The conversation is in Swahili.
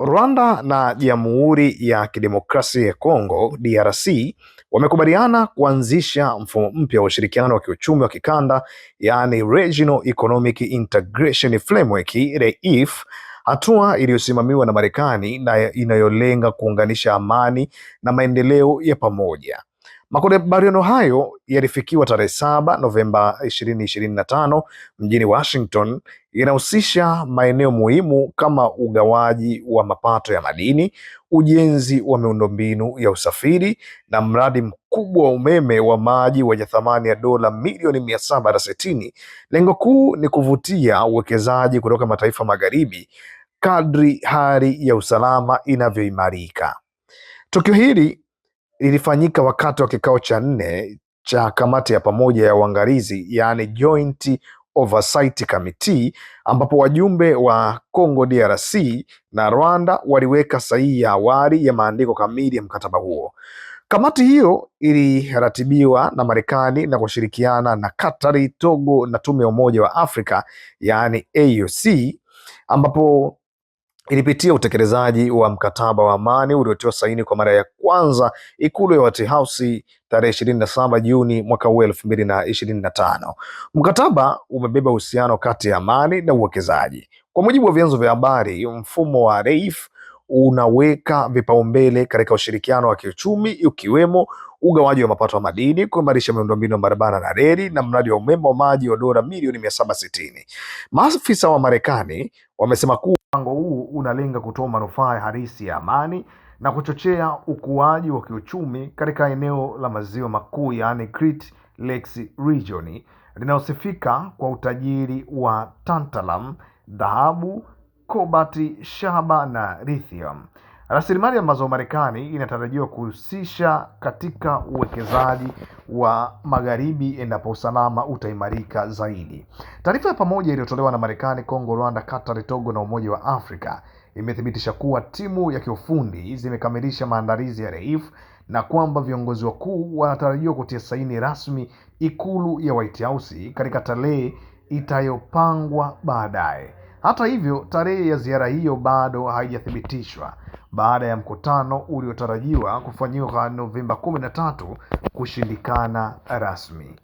Rwanda na Jamhuri ya Kidemokrasia ya Kongo DRC wamekubaliana kuanzisha mfumo mpya wa ushirikiano wa kiuchumi wa kikanda, yaani Regional Economic Integration Framework REIF, hatua iliyosimamiwa na Marekani na inayolenga kuunganisha amani na maendeleo ya pamoja. Makubaliano hayo yalifikiwa tarehe saba Novemba ishirini ishirini na tano mjini Washington, yanahusisha maeneo muhimu kama ugawaji wa mapato ya madini, ujenzi wa miundombinu ya usafiri na mradi mkubwa wa umeme wa maji wenye thamani ya dola milioni mia saba na sitini. Lengo kuu ni kuvutia uwekezaji kutoka mataifa magharibi kadri hali ya usalama inavyoimarika. Tukio hili ilifanyika wakati wa kikao cha nne cha kamati ya pamoja ya uangalizi yaani Joint Oversight Committee ambapo wajumbe wa Congo DRC na Rwanda waliweka sahihi ya awali ya maandiko kamili ya mkataba huo. Kamati hiyo iliratibiwa na Marekani na kushirikiana na Katari, Togo na Tume ya Umoja wa Afrika yaani AUC ambapo ilipitia utekelezaji wa mkataba wa amani uliotiwa saini kwa mara ya kwanza ikulu ya White House tarehe ishirini na saba Juni mwaka huu elfu mbili na ishirini na tano. Mkataba umebeba uhusiano kati ya amani na uwekezaji. Kwa mujibu wa vyanzo vya habari, mfumo wa REIF unaweka vipaumbele katika ushirikiano wa kiuchumi ukiwemo ugawaji wa mapato wa madini, kuimarisha miundombinu ya barabara na reli na mradi wa umeme wa maji wa dola milioni mia saba sitini. Maafisa wa Marekani wamesema kuwa mpango huu unalenga kutoa manufaa halisi ya amani na kuchochea ukuaji wa kiuchumi katika eneo la maziwa makuu, yaani Great Lakes Region linalosifika kwa utajiri wa tantalum, dhahabu, kobati, shaba na lithium. Rasilimali ambazo Marekani inatarajiwa kuhusisha katika uwekezaji wa magharibi endapo usalama utaimarika zaidi. Taarifa ya pamoja iliyotolewa na Marekani, Kongo, Rwanda, Qatar, Togo na Umoja wa Afrika imethibitisha kuwa timu ya kiufundi zimekamilisha maandalizi ya Reif na kwamba viongozi wakuu wanatarajiwa kutia saini rasmi ikulu ya White House katika tarehe itayopangwa baadaye. Hata hivyo, tarehe ya ziara hiyo bado haijathibitishwa baada ya mkutano uliotarajiwa kufanyika Novemba 13 kushindikana rasmi.